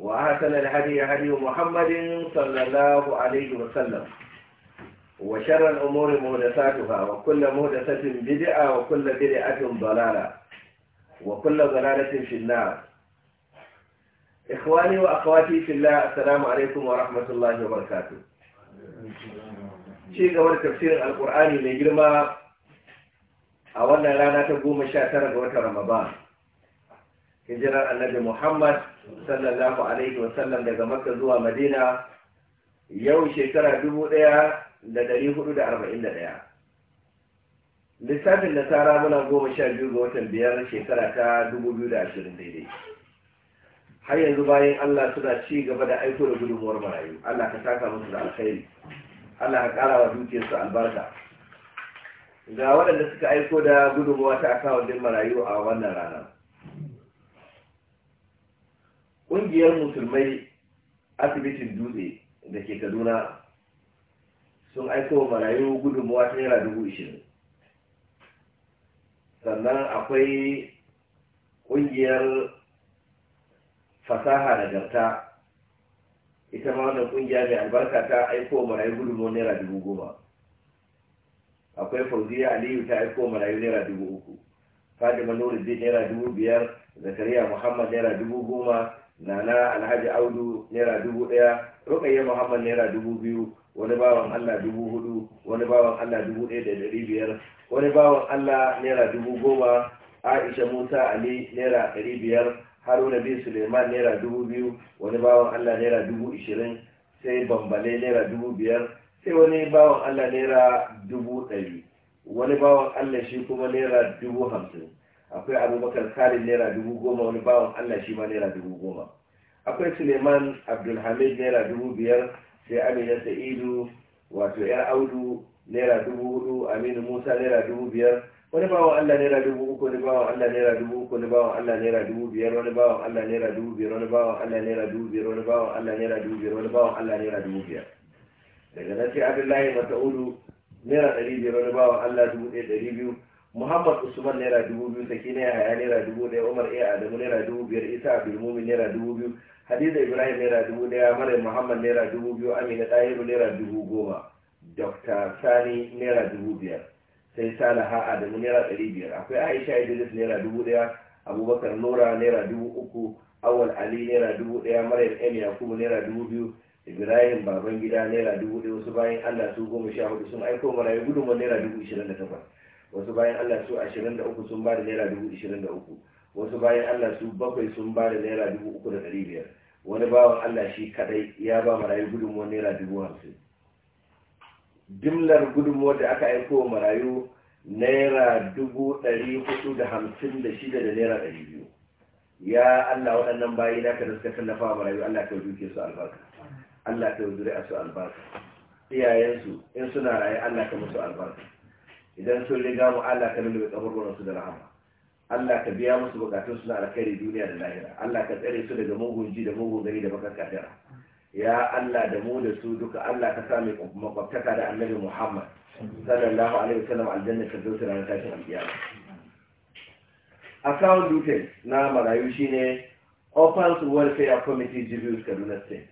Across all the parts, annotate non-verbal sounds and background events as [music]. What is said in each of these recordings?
وأحسن الهدي هدي محمد صلى الله عليه وسلم وشر الأمور مهدساتها وكل مهدسة بدعة وكل بدعة ضلالة وكل ضلالة في النار إخواني وأخواتي في الله السلام عليكم ورحمة الله وبركاته شيء قبل تفسير القرآن لجرمى أولا لا نتبو مشاة رمضان hijirar annabi Muhammad sallallahu alaihi sallam daga Makka zuwa Madina yau shekara dubu ɗaya da tara nasara muna goma sha biyu ga watan biyar shekara ta dubu biyu da ashirin daidai. Har yanzu bayan Allah suna ci gaba da aiko da gudunmuwar marayu. Allah ka saka musu da alkhairi. Allah ka ƙara wa dukiyarsu albarka. Ga waɗanda suka aiko da gudunmuwa ta kawo din marayu a wannan ranar. ƙungiyar musulmai asibitin dutse da ke kaduna sun aiko wa marayu gudunmuwa ta naira dubu ishirin sannan akwai ƙungiyar fasaha da garta ita ma wannan kungiya mai albarka ta aiko wa marayu gudunmu naira dubu goma akwai fauziya aliyu ta aiko marayu naira dubu uku fadima nuruddin naira dubu biyar zakariya muhammad naira dubu goma nana alhaji audu naira dubu ɗaya rukayya muhammad naira dubu biyu wani bawan allah dubu hudu wani bawan allah dubu ɗaya da ɗari biyar wani bawan allah naira dubu goma aisha musa ali naira ɗari biyar haruna bin suleiman naira dubu biyu wani bawan allah naira dubu ishirin sai bambale naira dubu biyar sai wani bawan allah naira dubu ɗari wani bawan allah shi kuma naira dubu hamsin akwai abubakar khalid naira dubu goma wani bawan allah shi ma naira dubu goma akwai suleiman abdulhamid naira dubu biyar sai amina sa'idu wato yar audu naira dubu hudu aminu musa naira dubu biyar wani bawan allah naira dubu uku wani bawan allah naira dubu uku wani bawan allah naira dubu biyar wani bawan allah naira dubu biyar wani bawan allah naira dubu biyar wani bawan allah naira dubu biyar wani bawan allah naira dubu biyar daga nan sai abdullahi masa'udu naira ɗari biyar wani bawan allah dubu ɗaya ɗari biyu muhammad usman naira dubu biyu sakina yahaya naira dubu daya umar a adamu naira dubu biyar isa abdulmumin naira dubu biyu hadiza ibrahim naira dubu daya mara muhammad naira dubu biyu amina ɗahiru naira dubu goma dr sani naira dubu biyar sai salaha adamu naira ɗari biyar akwai aisha idris naira dubu ɗaya abubakar nora naira dubu uku awal ali naira dubu ɗaya maryam Emi, yakubu naira dubu biyu ibrahim Babangida, naira dubu daya wasu bayan allah su goma sha hudu sun aiko marayu gudunmu naira dubu ishirin da takwas wasu bayan Allah su 23 sun ba da naira 23 wasu bayan Allah su bakwai sun ba da naira 3500 wani bawan Allah shi kadai ya ba marayu gudunmuwa naira 50 dimlar gudunmuwa da aka aiko wa marayu naira 456 da naira 200 ya Allah waɗannan bayi na ka suka tallafa wa marayu Allah ka duke su albarka Allah ka a su albarka iyayensu in suna raye Allah ka musu albarka idan sun riga mu Allah ka lulluɓe kaburburan su da rahama Allah ka biya musu bukatun su na alkhairi duniya da lahira Allah ka tsare su daga mugun ji da mugun gari da bakar kadara ya Allah da mu da su duka Allah ka sa mai makwabtaka da Annabi Muhammad sallallahu alaihi wasallam aljanna ta zo ranar tashin alkiyama account details na marayu shine World Welfare Committee Jibius Kaduna State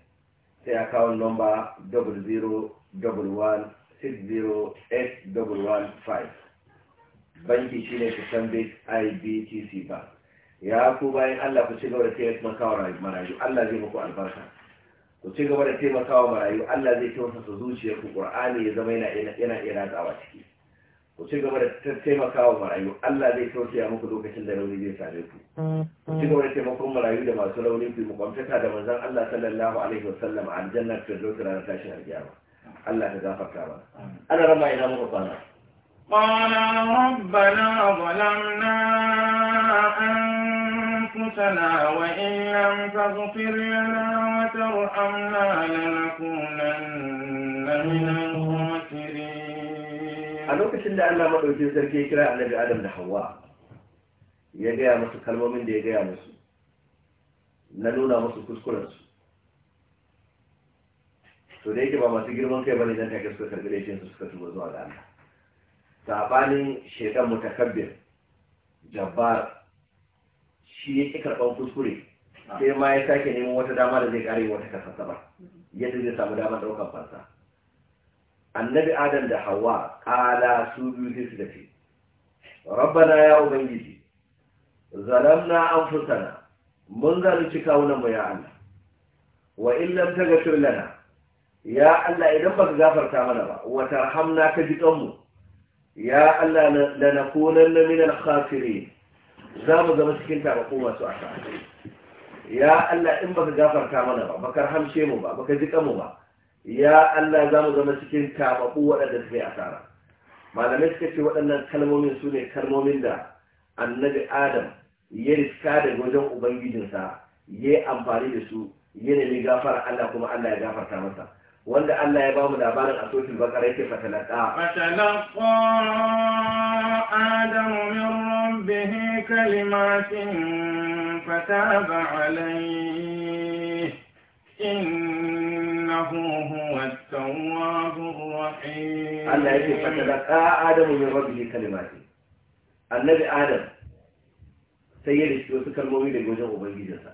sai account number 0011 60815 banki shi ne kusanbik ibtc ba ya ku bayan allah ku ci gaba da taimakawa marayu allah zai muku albarka ku ci gaba da taimakawa marayu allah zai taimaka zuciya ku ƙur'ani ya zama yana ira tsawa ciki ku ci gaba da taimakawa marayu Allah zai tausaya muku lokacin da rauni zai same ku ku ci gaba da taimakon marayu da masu rauni ku mu kwamtaka da mazan Allah sallallahu alaihi wasallam a aljanna ta zo ta ranar tashin alkiyama الله ya gafarta أنا رمى إلى مرضانا قال ربنا ظلمنا أنفسنا وإن لم تغفر لنا وترحمنا لنكونن من الخاسرين. أنا كنت عند الله ما قلت لك كيكرا على آدم لحواء. يا gaya musu kalmomin يا ya gaya musu na nuna musu to da yake ba masu girman kai ba bane zan take suka karbi laifin su suka tuba zuwa da Allah sabanin shaitan mutakabbir jabbar shi ne ki karban kuskure sai ma ya sake neman wata dama da zai kare wata kasa ba yadda zai samu damar daukar fansa annabi adam da hawa kala su biyu sai su dace rabbana ya ubangiji zalamna anfusana mun zalunci kawunan mu ya Allah wa in lam lana ya Allah idan baka gafarta mana ba wa tarhamna ka ji kanmu ya Allah da la nakunanna min al-khasirin za mu zama cikin tabako masu asara ya Allah in baka gafarta mana ba baka rahamshe mu ba baka ji kanmu ba ya Allah za mu zama cikin tabako waɗanda suka asara malamai suka ce waɗannan kalmomin su ne kalmomin da annabi adam ya riska da wajen ubangijinsa ya yi amfani da su ya nemi gafara Allah kuma Allah ya gafarta masa wanda Allah ya ba mu labarin a sokin bakara yake fatalaka fatalaqa adamu min rabbih kalimatin fataba alayhi innahu huwa at-tawwabur rahim Allah ya yake fatalaqa adamu min rabbih kalimatin annabi adam sai ya rishi wasu kalmomi daga wajen ubangijinsa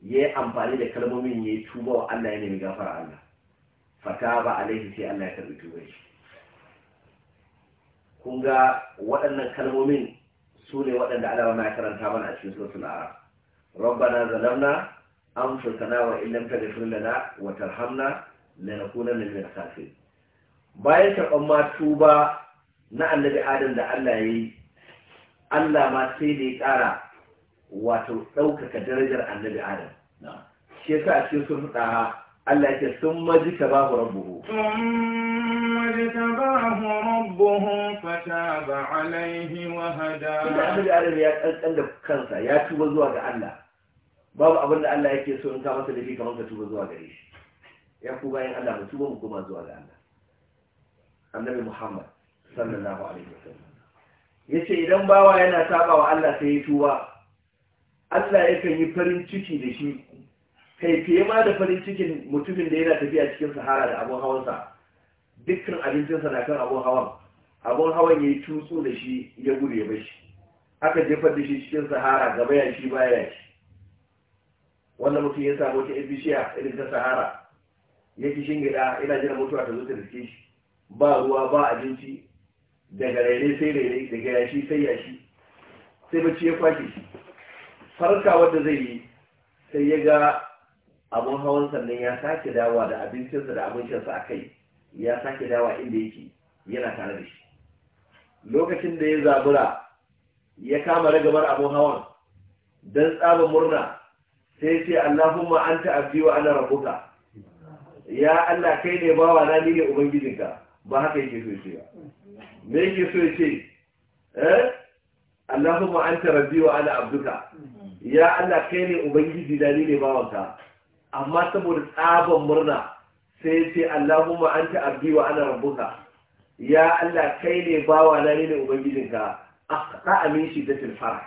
ya yi amfani da kalmomin ya yi tuba wa Allah ya nemi gafara Allah fataba ba alaihi sai Allah ya karbi tubai kun ga waɗannan kalmomin su ne waɗanda Allah ma karanta mana a cikin suratul araf rabbana zalamna anfusana wa illam taghfir lana wa tarhamna lanakuna min al-khasirin bayan karɓar ma tuba na annabi adam da Allah yayi Allah ma sai da ya ƙara wato ɗaukaka darajar annabi adam shi yasa a cikin suratul Allah ya ce sun maji ka ba rabbuhu اجتباه ربه فتاب عليه وهدى Annabi Adam ya kankan da kansa ya tuba zuwa ga Allah babu abin da Allah yake so in ka masa da dafi kamar ka tuba zuwa gare shi ya ku bayan Allah ba tuba mu koma zuwa ga Allah Annabi Muhammad sallallahu alaihi wa sallam. Ya ce idan bawa yana saba wa Allah sai ya tuba Allah yakan yi farin ciki da shi kai fiye ma da farin cikin mutumin da yana tafiya cikin sahara da abun hawansa dukkan abincinsa na kan abun hawan abun hawan ya yi tutsu da shi ya gudu ya shi, aka jefar da shi cikin sahara gaba ya shi baya shi wannan mutum ya samu wata bishiya irin ta sahara ya ki shingida ina jira mutuwa ta zo ta riske shi ba ruwa ba abinci daga rere sai rere daga yashi sai yashi sai bacci ya kwashe shi farka wanda zai yi sai ya ga abun hawan sannan ya sake dawa da abincinsa da abincinsa a kai ya sake dawa inda yake yana tare da shi lokacin da ya zabura ya kama ragamar abun hawan don tsaba murna sai ce Allahumma anta abdi wa ana rabbuka ya Allah kai ne bawa na ni ne ubangijinka ba haka yake so ce me yake so ya ce eh Allahumma anta rabbi wa ana abduka ya Allah kai ne ubangiji da ni ne bawanka amma saboda tsaban murna sai ce Allahumma anta abdi wa ana rabbuka ya Allah kai ne bawa na ne ubangijinka aka amin shi da tilfara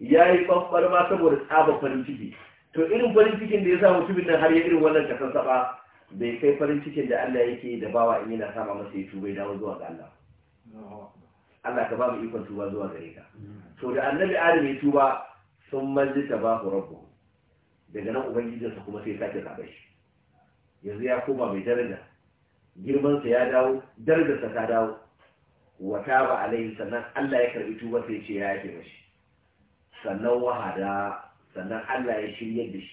yayi babbar ma saboda tsaba farin ciki to irin farin cikin da ya sa mutumin nan har ya irin wannan ba, bai kai farin cikin da Allah yake da bawa in yana sama masa ya tuba dawo zuwa ga Allah Allah ka ba mu ikon tuba zuwa gare ka to da annabi Adam ya tuba sun manji ba ku rabbu daga nan ubangijinsa kuma sai sake zaɓe shi yanzu ya koma mai daraja girmansa ya dawo darajarsa ta dawo wata ba alaihi sannan Allah ya karɓi tuba sai ce ya yake mashi sannan wahada sannan Allah ya shirya da shi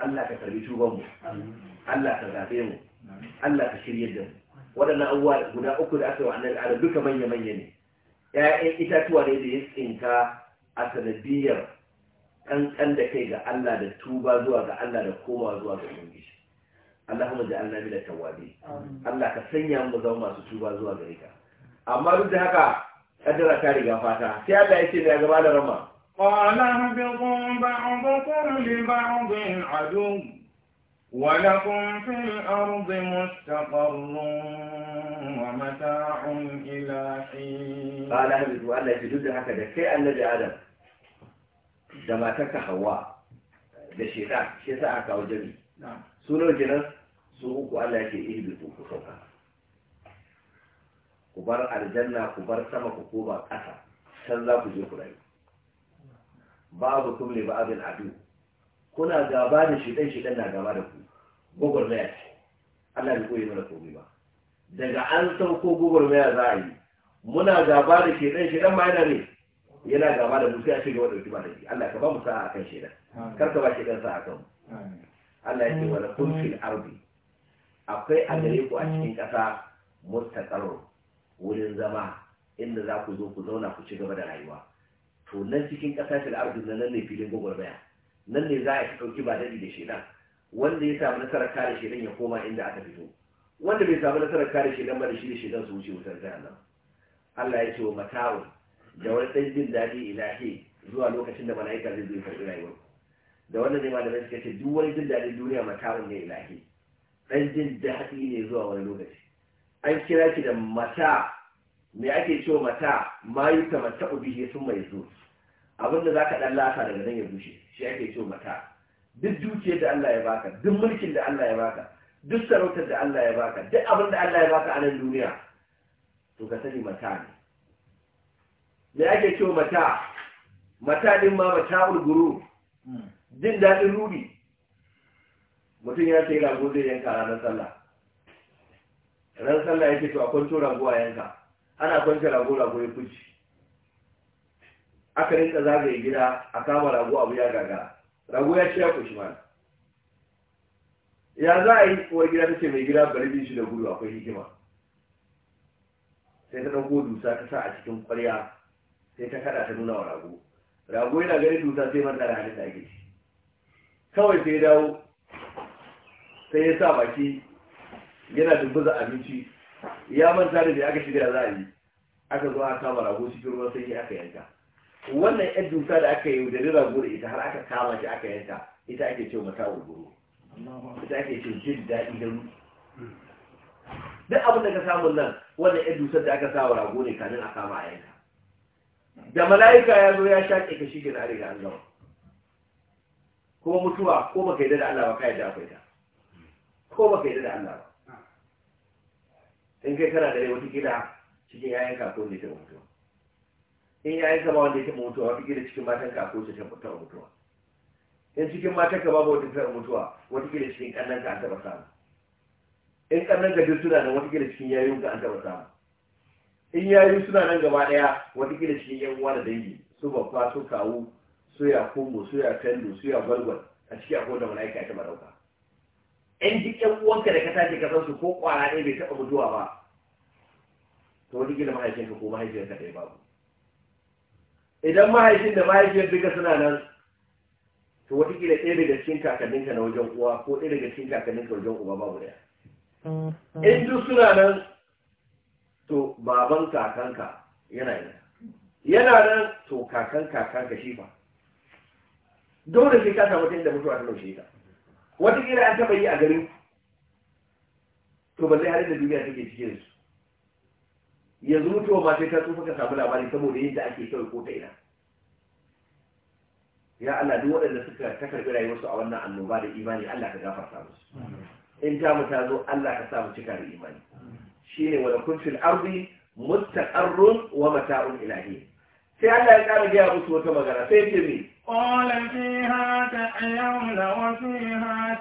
Allah ka karɓi tuba mu. Allah ka zaɓe mu Allah ka shirya da mu waɗannan abubuwa guda uku da aka yi wa annabi Adam duka manya-manya ne ‘ya'yan itatuwa ne da ya tsinka a sanadiyar kankan da kai ga Allah da tuba zuwa ga Allah da komawa zuwa ga Ubangiji Allahumma ja'alna min da tawabi. Allah ka sanya mu zama masu tuba zuwa gare ka amma duk da haka kaddara ta riga fata sai Allah ya ce da gaba da rama qala habiqum ba'dukum li ba'din adu ولكم في الأرض مستقر ومتاع إلى حين قال أهل الله يجدد هكذا كي النبي Adam. da matarka hawa da shaitan shi sa aka kawo jami sunan kenan su uku Allah yake da ku sauka ku bar aljanna ku bar sama ku koma ƙasa can za ku je ku rayu babu kum ne ba abin adu kuna gaba da shi shaitan na gaba da ku gwagwarmaya ce Allah bai koyi mana komai ba daga an sauko gwagwarmaya za a yi muna gaba da shi shaitan ma yana ne yana gaba da musu ya ce gaba da hukuma da shi Allah ka ba mu sa'a kan shaida kar ka ba shi dan sa'a kan Allah ya ce wala kun fil ardi akwai a gare ku a cikin ƙasa mustaqarru wurin zama inda za ku zo ku zauna ku ci gaba da rayuwa to nan cikin ƙasa fil ardi nan ne filin baya, nan ne za a ci ɗauki ba daɗi da shaidan wanda ya samu nasarar kare shaidan ya koma inda aka fito wanda bai samu nasarar kare shaidan ba da shi da shaidan su wuce wutar jahannam Allah ya ce wa mata'un da wani ɗan jin daɗi ilahi zuwa lokacin da mala'ika zai zo karɓi rayuwar da wannan zai malamai suka ce duk wani jin daɗin duniya mata'un ne ilahi ɗan jin daɗi ne zuwa wani lokaci an kira shi da mata me ake cewa mata mayuka mata ubihi sun mai zo abinda za ka ɗan lasa daga nan ya bushe shi ake cewa mata duk dukiyar da Allah ya baka duk mulkin da Allah ya baka duk sarautar da Allah ya baka duk abin da Allah ya baka a nan duniya to ka sani mata ne da yake ce mata mata din ma mata ulguru hmm. jin daɗin rubi mutum ya ce rago zai yanka ranar sallah ran sallah yake to a kwanto rago a yanka ana kwanta rago rago ya kuci aka rinka zagaye gida a kama rago abu ya gaga rago ya ce ya kushi mana ya za a yi uwar gida ta ce mai gida bari shi da gudu akwai hikima sai ta ɗauko dusa ta sa a cikin ƙwarya sai ta kada ta nuna wa rago rago yana gani tuta sai man dara hannun da ake ci kawai sai dawo sai ya sa baki yana dumbuza abinci ya manta da bai aka shirya za a yi aka zo aka kama rago cikin ruwan sanyi aka yanka wannan yan dusa da aka yi da rago da ita har aka kama shi aka yanka ita ake ce mata ulguru ita ake ce jin daɗi da duk abin da ka samu nan wannan yan dusar da aka sa wa rago ne kanin a kama a yanka da mala'ika ya zo ya shaƙe ka shi gina riga an gama kuma mutuwa ko ba ka yi da Allah ba ka da akwai ta ko ka yi da Allah ba in kai kana da rai wata gida cikin yayan kako da ta mutuwa in yayan ka ba wanda ya taɓa mutuwa wata gida cikin matan kako ce ta taɓa mutuwa in cikin matan ka babu wata taɓa mutuwa wata gida cikin ƙannan ka an taɓa samu in ƙannan ka duk suna da wata gida cikin yayin ka an taɓa samu in yi suna nan gaba daya watakila cikin yan uwa da dangi su babba su kawo su ya kumbo su ya kallo su ya gwalgwal a ciki akwai da mala'ika ta taɓa in duk yan uwanka da ka tashi ka san su ko kwara ɗaya bai taɓa mutuwa ba to watakila mahaifinka ko mahaifiyarka ɗaya babu idan mahaifin da mahaifiyar duka suna nan to watakila ɗaya daga cikin kakanninka na wajen uwa ko ɗaya daga cikin kakanninka wajen uba babu ɗaya in duk suna nan to baban kakanka yana yana yana nan to kakan kakanka shi fa dole sai ka samu tinda mutuwa ta laushe ta wata kira an taba yi a garin to ba zai halin da duniya take cike da su yanzu mutuwa ma sai ta tsufa ka samu labari saboda yadda ake kawai ko ta ina ya Allah duk waɗanda suka ta karɓi rayuwarsu a wannan annoba da imani Allah ka gafarta musu in ta mu ta zo Allah ka sa mu cika da imani ne wani kuncin arzi mutan mustaqarrun wa mata'un ilahi sai Allah ya kara gaya musu wata magana sai ce me ha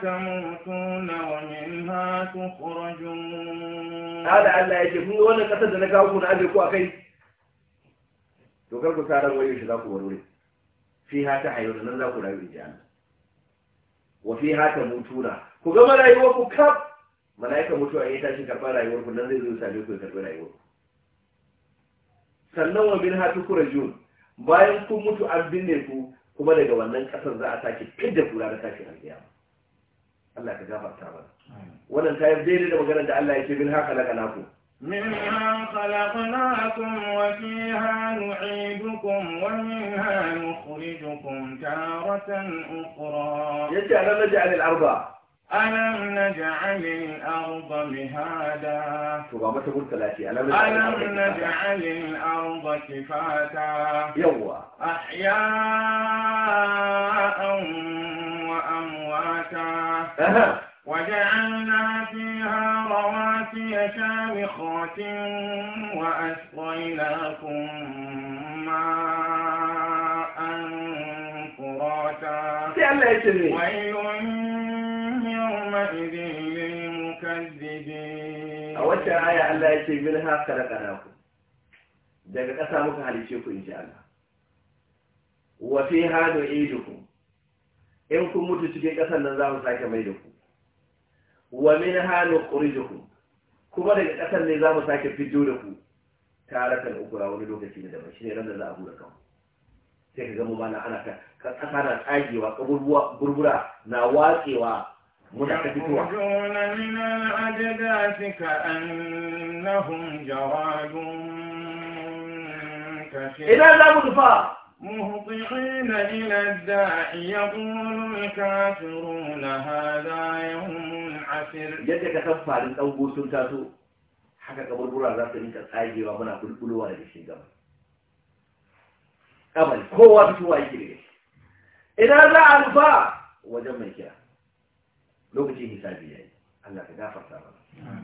ta mutu na wani ha wa minha tukhrajun kada Allah ya ce kun ga wannan ƙasar da na kawo kuna ajiye ko a kai? to kar ku saran wani shi za ku warware fiha ta'yawna nan za ku rayu da Allah wa mutu na. ku ga marayuwar ku kaf mala'ikan mutuwa ya tashi karɓa rayuwar ku nan zai zo same ku ya karɓi rayuwar sannan wa min hatu kurajun bayan kun mutu an binne ku kuma daga wannan ƙasar za a sake fidda kula da tashin alƙiya Allah ka gafarta mana wannan ta yi daidai da maganar da Allah yake min haka laka naku منها خلقناكم وفيها نعيدكم ومنها نخرجكم تارة أخرى يجعل نجعل الأرض ألم نجعل الأرض مهادا ألم نجعل الأرض كفاتا أحياء وأمواتا وجعلنا فيها رواسي شامخات وأسقيناكم ماء فراتا ويل يومئذ للمكذبين أول آية الله يشي منها خلقناكم daga ƙasa muka halice ku insha Allah wa fi hadu idukum in kun mutu cikin ƙasar nan za mu sake mai da ku wa min hadu qurijukum kuma daga ƙasar ne za mu sake fito da ku tarakan wani lokaci daban ran da za a hura kanku sai ka gama mana ana ta ƙasa na tsagewa kaburbura na watsewa muna da fitowa min al-ajdati ka annahum jawadun idan za mu nufa مهطعين إلى الداع يقول الكافرون هذا يوم عسر جدك تخفى عن أوبو سلطاتو حكا قبل برا ذات منك الآيجي ومنا كل قلوة لجسين قبل قبل هو بتوائي كده إذا لا أنفع وجمع كده lokacin hisabi yi? Allah ka gafarta mana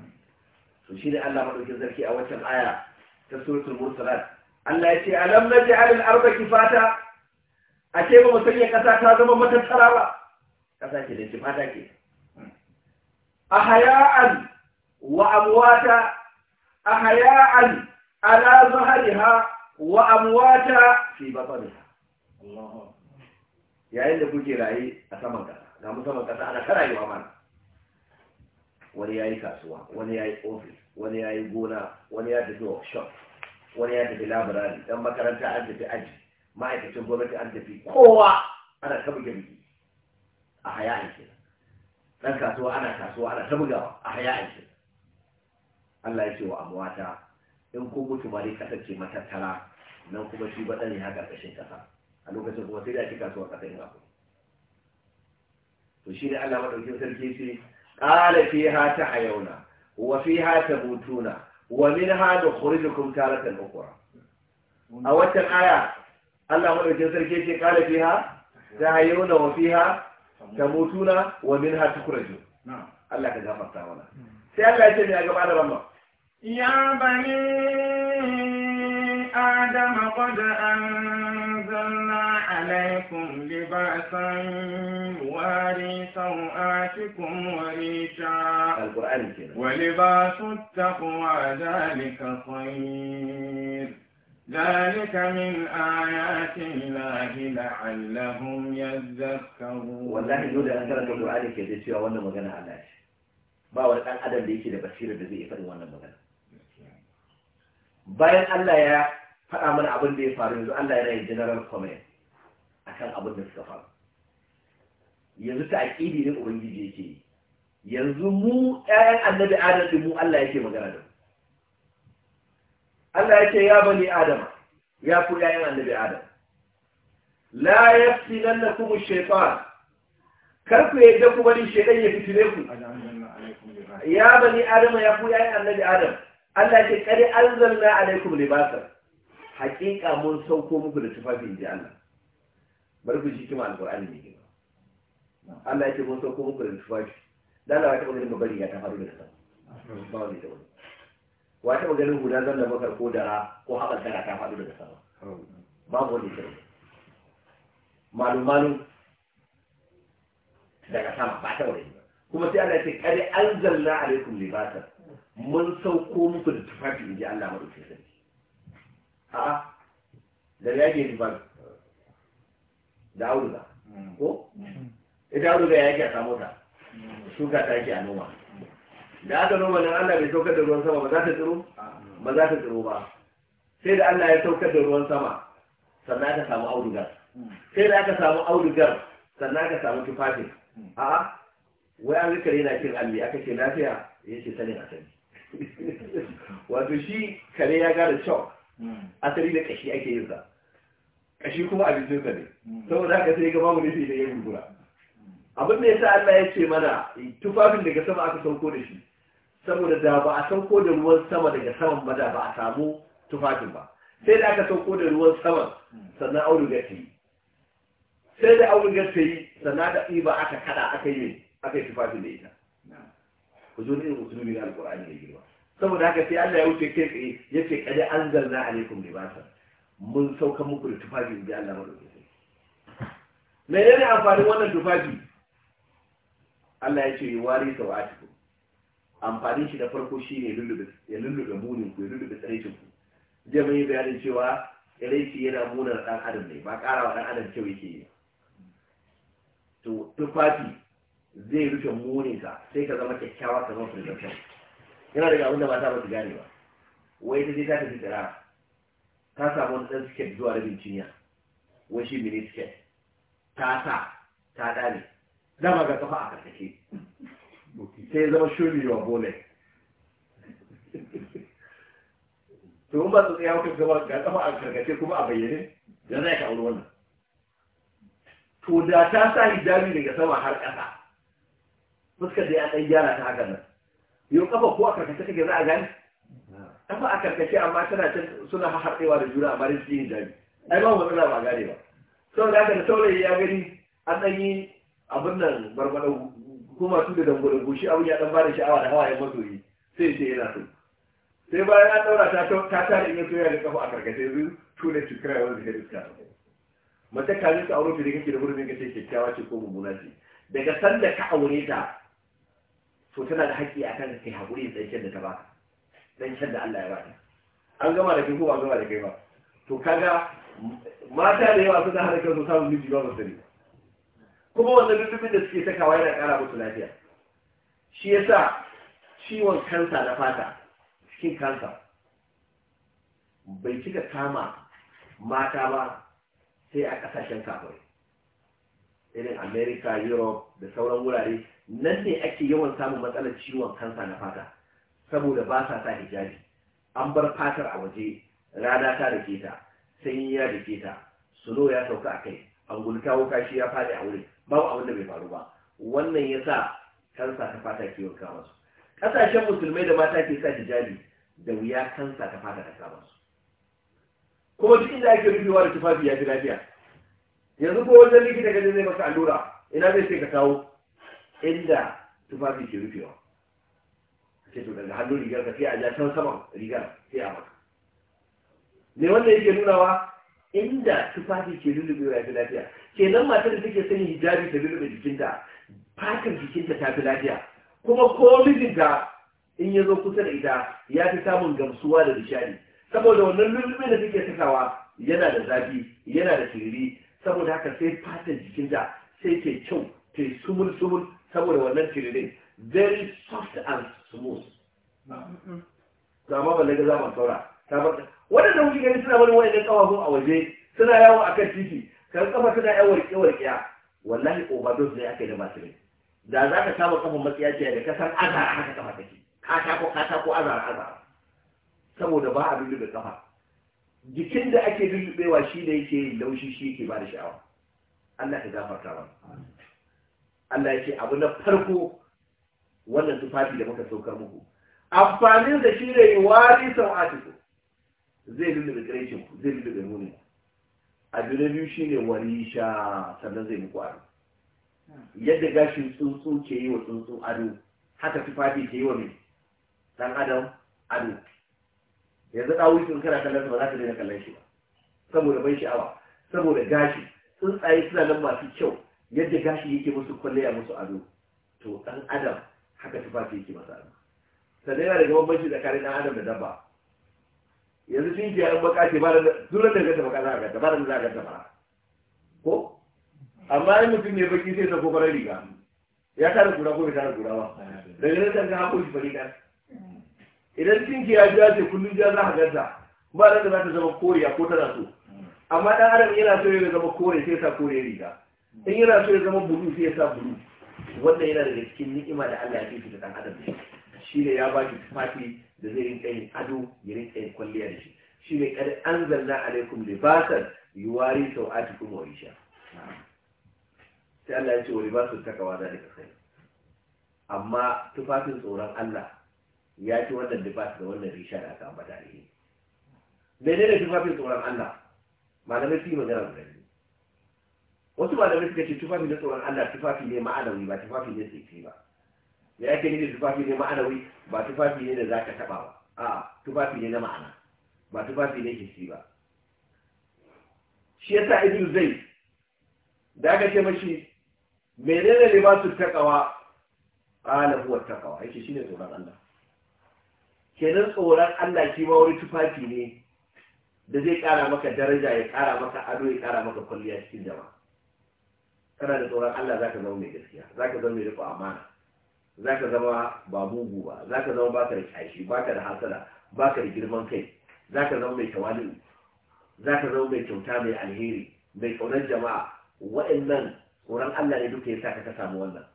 to shi ne Allah madaukin sarki a waccan aya ta suratul mursalat Allah ya ce alam naj'al al-arda kifata a ce ba musanya kasa ta zama matattara ba kasa ke da kifata ke A ahaya'an wa amwata ahaya'an ala zahriha wa amwata fi batniha Allah yayin da kuke raye a saman kasa ga musamman kasa ana karayuwa mana wani ya yi kasuwa wani ya yi ofis wani ya yi gona wani ya tafi workshop wani ya tafi labirari dan makaranta an tafi aji ma'aikacin gwamnati an tafi kowa ana ta buga biki a haya aiki dan kasuwa ana kasuwa ana ta bugawa a haya aiki Allah ya ce wa amwata in kun mutu ma kasa ce matattara nan kuma shi ya haka ƙashin ƙasa a lokacin kuma sai da ake kasuwa ƙasa yin abu to shi ne Allah madaukin sarki ce qala fiha tahayuna wa fiha tabutuna wa minha nukhrijukum taratan ukhra a wata aya Allah madaukin sarki ce qala fiha tahayuna wa fiha tabutuna wa minha tukhrajun Allah ka gafarta mana sai Allah ya ce a gaba da ramma ya bani adama qad an أرسلنا عليكم لباسا يواري سوآتكم وريشا القرآن ولباس التقوى ذلك خير ذلك من آيات الله لعلهم يذكرون والله يقول أن ترى القرآن كده سوى وانا مغانا على شيء ba wani ɗan adam da yake da basirar da zai faɗi wannan magana bayan Allah ya faɗa mana abin da ya faru yanzu Allah yana yin general comment kan abin da suka faru yanzu ta aƙidi ne ubangiji yake yi yanzu mu 'ya'yan annabi adam din mu Allah yake magana da mu Allah yake ya bani adam ya ku 'ya'yan annabi adam la na kuma shaytan kar ku ja ku bari shaytan ya fitile ku ya bani adam ya ku 'ya'yan annabi adam Allah yake kare anzalna alaikum libasar hakika mun sauko muku da tufafin ji Allah bari ku ji kuma alqur'ani ne gina Allah yake mun sauko muku da tufafi dan Allah ya taba ganin bari ya ta faru da sama ba wani da wani wa taba guda zan da bakar ko dara ko haɓar dara ta faru daga sama babu wani da wani malumalu daga sama ba ta wani kuma sai Allah ce kare anzalna alaikum libasa mun sauko muku da tufafi in ji Allah madaukakin sarki a'a da ya ke riban da auduga mm. ko ita auduga ya ke a samu ta shuka ta ke a noma da aka noma nan Allah bai saukar da ruwan sama ba za ta tsiro ba za ta tsiro ba sai da Allah ya saukar da ruwan sama sannan aka samu audugar mm. sai da aka samu audugar sannan aka samu tufafi, mm. a'a wai an rika yana cin alli aka ce lafiya ya ce sanin asali [laughs] wato shi kare ya gada cewa asali da kashi ake yin sa kashi kuma abincin sa ne saboda haka sai ga babu nufi da ya gurgura. abin da yasa Allah ya ce mana tufafin daga sama aka sauko da shi saboda da ba a sauko da ruwan sama daga saman ba da ba a samu tufafin ba sai da aka sauko da ruwan sama sannan auduga ta yi sai da auduga ta yi sannan da ba aka kada aka yi aka tufafin da ita ku zo ne usulubi na alƙur'ani da girma saboda haka sai Allah ya wuce kai tsaye ya ce kaje anzalna alaikum libasa mun sauka muku da tufafi in ji Allah madaukakin me ne amfanin wannan tufafi Allah ya ce yi wari sau a amfanin shi da farko shi ne ya lullube munin ku ya lullube tsaraicin ku zai mai bayanin cewa tsaraici yana munar ɗan adam ne ba ƙara wa ɗan adam kyau yake yi to tufafi zai rufe muninka sai ka zama kyakkyawa ka zama kyau. yana daga abin da ta ba su gane ba wai ta je ta tafi tsira ta samu wani ɗan siket zuwa rabin cinya wai shi mini siket ta sa ta ɗane dama ga kafa a karkace sai ya zama shuri wa bole to in ba su tsaya wata gaba ga kafa a karkace kuma a bayyane ya zai kawo wannan to da ta sa hijabi daga sama har ƙasa fuskar da ya ɗan gyara ta haka nan yau kafa ko a karkace kake za a gani kafa a karkace amma tana can suna harɗewa da juna amma rin yin jami ai ba wani ba gane ba So, da aka saurayi ya gani an ɗan yi abin nan barbaɗa kuma su da dangwada goshi abin ya ɗan bada sha'awa da hawaye masoyi sai ce yana so sai bayan an ɗaura ta ta ta da in soya da kafa a karkace yanzu tule su kira wanda ya riska mace ka ka aure ta da kake da hurumin ka ce kyakkyawa ce ko mummuna ce daga sanda ka aure ta to tana da haƙƙi a kan kai haƙuri da tsakiyar da ta baka tsancen da Allah ya ta. an gama da kai ko an gama da kai ba to kaga mata da yawa suna hada su samun miji ba musulmi kuma wannan lullubin da suke sakawa yana ƙara musu lafiya shi yasa ciwon kansa na fata cikin kansa bai cika kama mata ba sai a ƙasashen kafin irin america europe da sauran wurare nan ne ake yawan samun matsalar ciwon kansa na fata saboda ba sa sa hijabi an bar fatar a waje rana ta da ta sanyi ya da ta suno ya sauka a kai wuka kashi ya fadi a wuri babu abin da bai faru ba wannan ya sa kansa ta fata ke wanka masu ƙasashen musulmai da mata ke sa hijabi da wuya kansa ta fata ta kama su kuma duk inda ake rufewa da tufafi ya fi lafiya yanzu ko wajen likita ganin zai maka allura ina zai sai ka kawo inda tufafi ke rufewa ce to daga hannun rigar ka fiye a ja saman rigar sai a maka me wanda yake nunawa inda tufafi ke lullubewa ya fi lafiya kenan matar da take son hijabi ta lullube jikinta fatar jikinta ta fi lafiya kuma ko mijinta in ya zo kusa da ita ya fi samun gamsuwa da nishadi saboda wannan lullube da take sakawa yana da zafi yana da siriri saboda haka sai fatar jikinta sai ke kyau ta yi sumul-sumul saboda wannan ne very soft and smooth zama balle ga zaman saura ta bar da wuce gani suna wani wa'in ƙafafu a waje suna yawo a kan titi kan kafa suna yawo warƙe warkiya wallahi overdose ne aka yi da basirin da za ka kama ƙafa matsiya ce da kasan azara haka kafa take ta ko azara azara saboda ba a lullube kafa jikin da ake lullubewa shi ne yake laushi shi yake ba da sha'awa Allah ya gafarta ba. Allah ya ce abu na farko wannan tufafi da muka saukar muku amfanin da shi ne wari sau sau'atiku zai lullube ƙarshen ku zai da nuni abu na biyu shi ne wari sha sannan zai muku ado yadda gashin tsuntsu ke yi wa tsuntsu ado haka tufafi ke yi wa mai dan adam ado yanzu ɗawu sun kana kallon sa ba za ka daina kallon shi ba saboda ban sha'awa saboda gashi tsuntsaye suna nan masu kyau yadda gashi yake musu kwalliya musu ado to dan adam haka tufafi yake masa ado sannan yana daga bambanci kare dan adam da dabba yanzu shi ke yaran baka ce bara da zuran da gata baka za a gata ba da za a gata ba ko amma yin mutum ne baki sai sako kofarar riga ya tara kura ko bai tara kura ba daga nan ga hakuri shi fari kan idan ki ya ji ce kullum ji za a gata ba da za ta zama koriya ko tana so amma dan adam yana so ya zama kore sai sa kore riga in yana so ya zama bulu sai ya sa bulu wannan yana daga cikin ni'ima da Allah ya fi da dan adam shi ne ya ba shi tufafi da zai rinka yin ado ya rinka yin kwalliya da shi shi ne kada an zanna alaikum libasan yuwari sau'atikum wa isha sai Allah ya ce wa libasun takawa da ka sai amma tufafin tsoron Allah ya ci wannan libas da wannan risha da aka ambata ne menene tufafin tsoron Allah malamai fi magana da wasu ba da suka ce tufafi na tsoron Allah tufafi ne ma'anawi ba tufafi ne sai ba me ake ne tufafi ne ma'anawi ba tufafi ne da zaka taba ba a tufafi ne na ma'ana ba tufafi ne hissi ba shi yasa ibn zai? da aka ce mashi menene libasu takawa ala huwa takawa yake shine tsoron Allah kenan tsoron Allah shi ma wani tufafi ne da zai kara maka daraja ya kara maka ado ya kara maka kwalliya cikin jama'a kana da tsoron Allah zaka zama mai gaskiya za ka zama mai riko amana za ka zama ba mugu ba za ka zama baka da kyashi baka da hasala baka da girman kai za zama mai tawali'u za zama mai kyauta mai alheri mai ƙaunar jama'a wa'annan tsoron Allah ne duka yasa sa ka samu wannan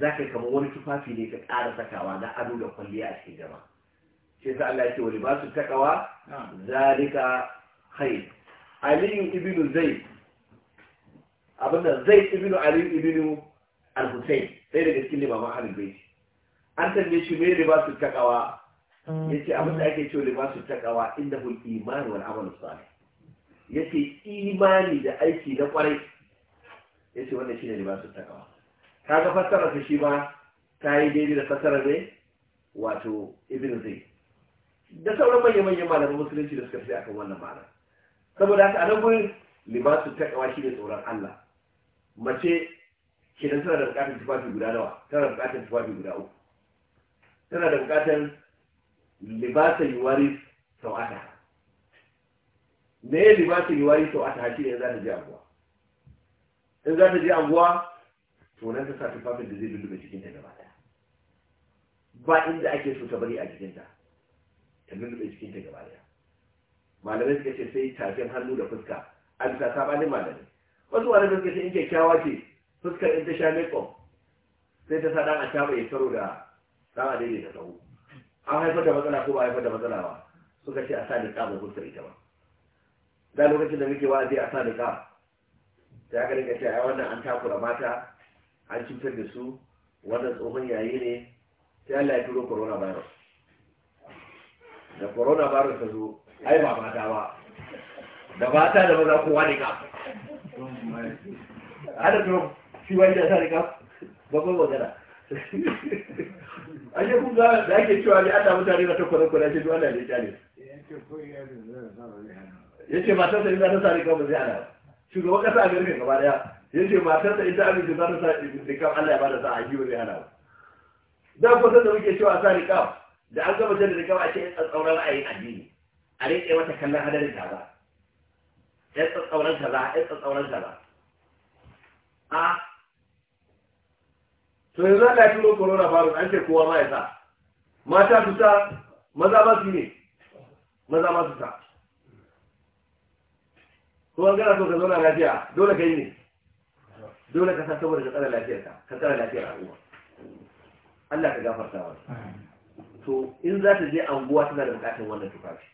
zaka ka kama wani tufafi ne ka ƙara sakawa na ado da kwalliya a cikin jama'a sai sa Allah ya ce wa libasu taqwa zalika khair Ali ibn Zaid Abinda zai ibinu ali ibinu al-hussein sai da cikin limama halin bai an tambaye shi mai libasu takawa ya ce abinda ake cewa libasu takawa inda hul imani wal amalu salih ya ce imani da aiki na kwarai ya ce wannan shine libasu takawa kaga fassara ta shi ba ta yi daidai da fassara ne wato ibn zai da sauran manyan manyan malaman musulunci da suka fi akan wannan ma'ana saboda haka a nan gurin libasu takawa shi ne tsoron Allah mace kenan tana da bukatar tufafi guda nawa tana da bukatar tufafi guda uku tana da bukatar libasa yuwari sau'ata me libasa yuwari sau'ata shi ne za ta je abuwa in za ta je abuwa to nan ta sa tufafin da zai lullube jikinta gaba daya ba inda ake so ta bari a jikinta ta lullube jikinta gaba daya malamai suka ce sai tafin hannu da fuska an sa sabanin malamai wasu wani da suka ce in ce fuskar in ta sha makeup sai ta sa dan a bai ya karo da dan a daidaita sahu an haifar da matsala ko ba haifar da matsala ba suka ce a sa niƙa ba fuskar ita ba da lokacin da muke wa'azi a sa niƙa ta ga rinka a ai wannan an takura mata an cutar da su wannan tsohon yayi ne ta Allah ya turo coronavirus da coronavirus ta zo ai ba mata ba da ta da maza kowa ne ka hada to shi wani da tare ka babban magana ashe kun ga da ake cewa ne ana mutane na takwarar kuna shi duk ta ne ya ce yace matar da ita ta sare ka ba zai ana shugaban kasa Amerika gaba daya ce matar da ita abin da za ta sare da kam Allah ya da sa a yi ba zai ana da kusa da muke cewa sare ka da an gaba da da kama a ce tsauran ra'ayin addini a rike mata kallon hadarin ta ba ya tsatsauran kaza ya tsatsauran kaza a to yanzu Allah ya turo corona virus an ce kowa ma ya sa mata su sa maza ma su ne maza ma su sa ko an gana so ka zauna lafiya dole ka yi ne dole ka sa saboda ka tsara lafiyarka ka tsara lafiyar al'umma Allah ka gafarta wa to in za ta je anguwa tana da bukatar wannan tufafi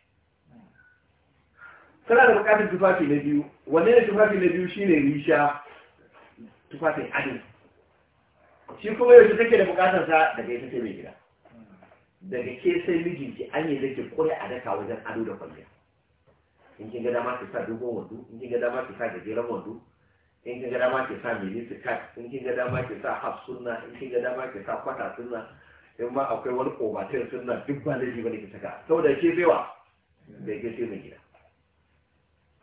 kana da bukatar tufafi na biyu wanne ne tufafi na biyu shine risha tufafi ado shi kuma yau take da bukatar sa daga ita sai mai gida daga ke sai mijinki an yi zake kore a daka wajen ado da kwalliya in kin ga dama ki sa dogon wando in kin ga dama ki sa gajeren wando in kin ga dama ki sa mini skirt in kin ga dama ki sa haf sunna in kin ga dama ki sa kwata sunna in ma akwai wani kobatin sunna duk ba laifi bane ki saka saboda ke bewa da ke sai mai gida